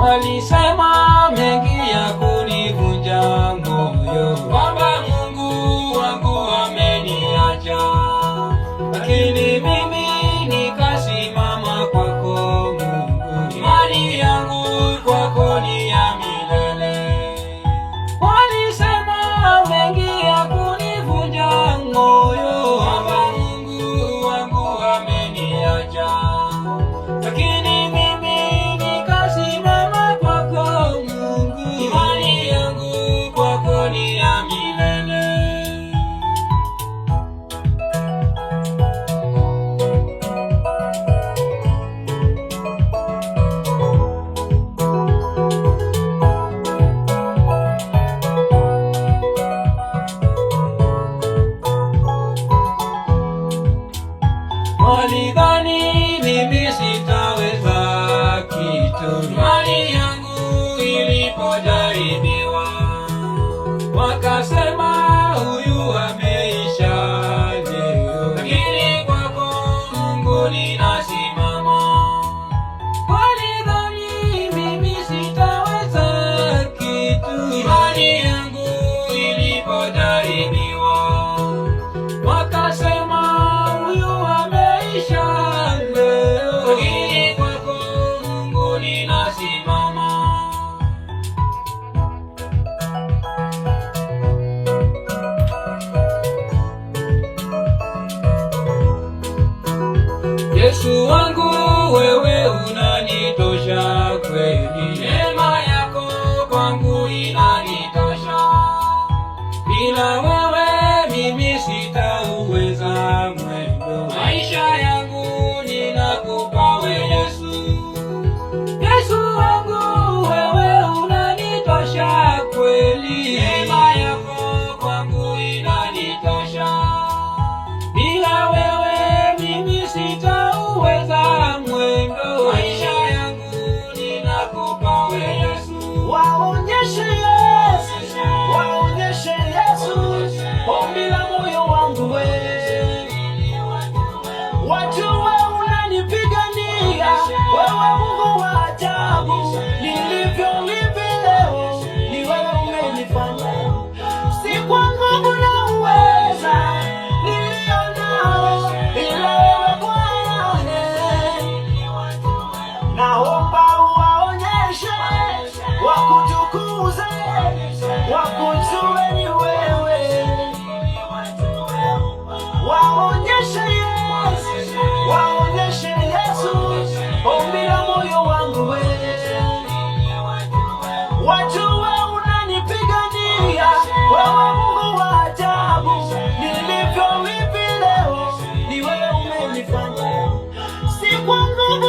Walisema mengi ya kunivunja moyo, kwamba Mungu wangu ameniacha, lakini mimi nikasimama kwako Mungu, imani yangu kwako ni 结束。wakujue ni Yesu, waonyeshe moyo wangu wewe, wajue unanipigania wewe, Mungu wa ajabu, nilivyo vipi leo kwa nguvu